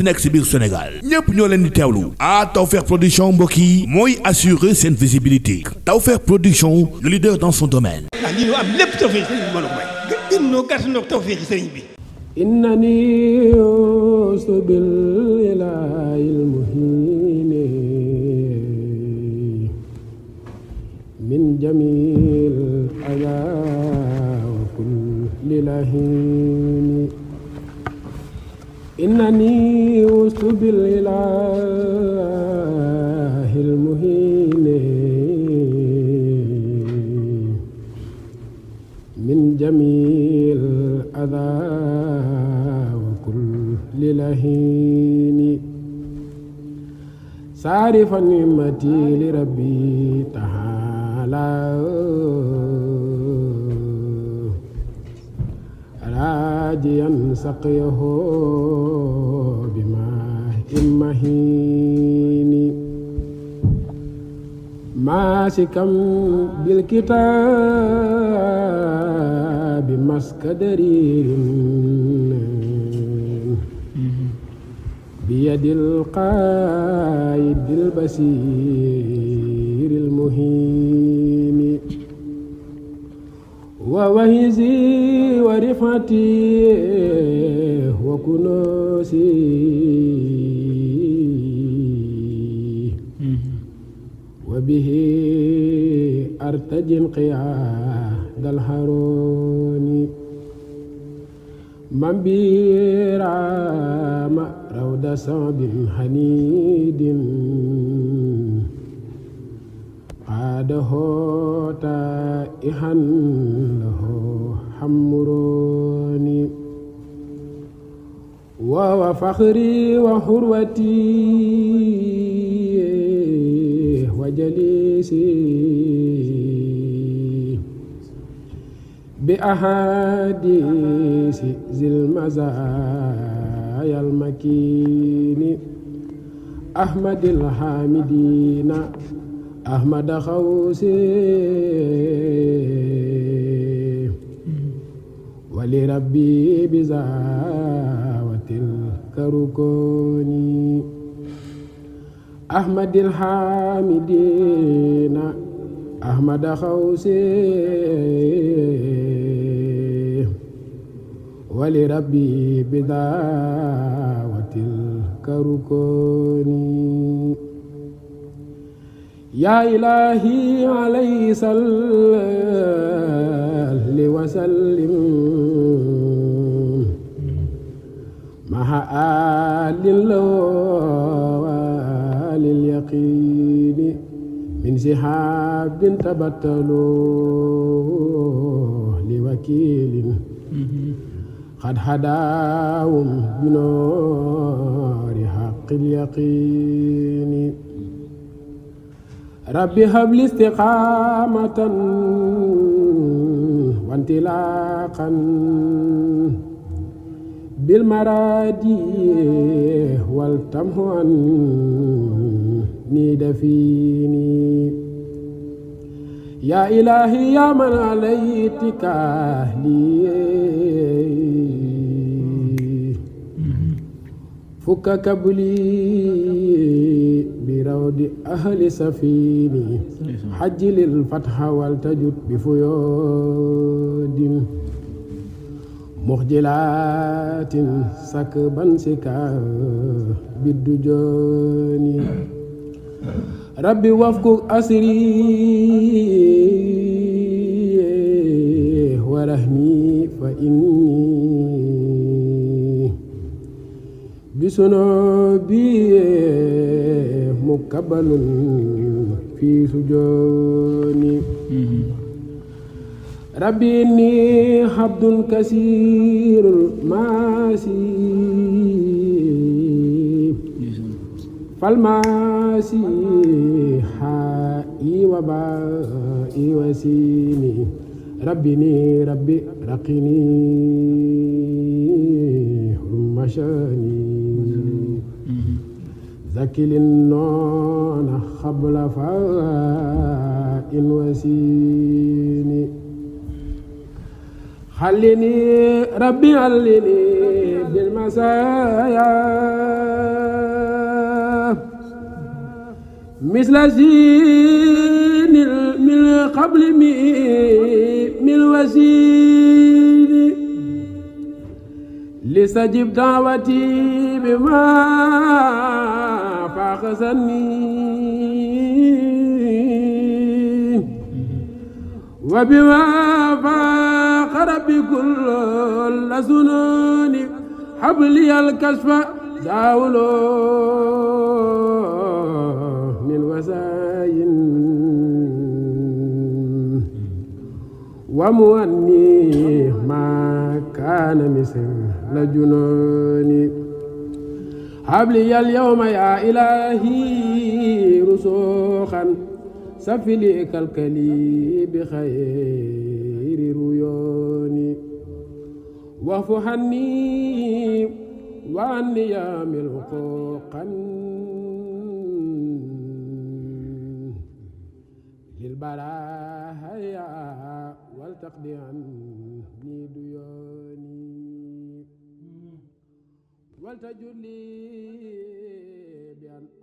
munti nekk si biir Sénégal ñépp ñoo leen di teewlu ah Tawfekh production mbokk yi mooy assurer seen visibilité Tawfekh production le leader dans son domaine ah lii am lépp Tawfekh sëriñ bi mën a may gën noo min jamil ada wa إنني وست بالإله المهين من جميع الأذى وكل لهين صارفا نعمتي لربي تعالى راجيا سقيه بماء مهين ماسكا بالكتاب مسك درير بيد القائد البصير المهين ووهزي رفعتي وكنوسي وبه أرتجي انقياد الهارون من بيرام روض صعب حنيد قاده تائها وهو فخري وحروتي وجليسي بأحاديث ذي المزايا المكين أحمد الحامدين أحمد خوسي ولربي بزاد أكثر كوني أحمد الحامدين أحمد خوسي ولربي بدعوة الكركوني يا إلهي عليه صل وسلم مع آل وآل اليقين من سحاب تبتلوه لوكيل قد هداهم بنور حق اليقين رب هب لي استقامة وانطلاقا بالمراد والتمه عني دفيني يا إلهي يا من عليتك أهلي فك كبلي برود أهل سفيني حجل الفتح والتجد بفيود muxjilaatin sakk ban si kaa biddu jooni rabbi wafku asri wa rahmi fa inni bisuno bi mukabbalun fi sujooni mm-hmm. ربي إني عبد كثير الماسي فالماسي حائي وبائي وسيني ربني ربي رقني هم شاني ذكي للنون قبل فاء وسيني خلني ربي علني بالمسايا مثل زين من قبل من وزين لستجب دعوتي بما فاخذني وبما فاخذني ربي كل الزنون حبلي الكشف داولو من وزاين ومؤني ما كان مثل جنوني حبلي اليوم يا إلهي رسوخا سفليك الكلي بخير خير عيوني واعف عني وعن نيام حقوقا للبراهيا والتقد عني ديوني ولتجد لي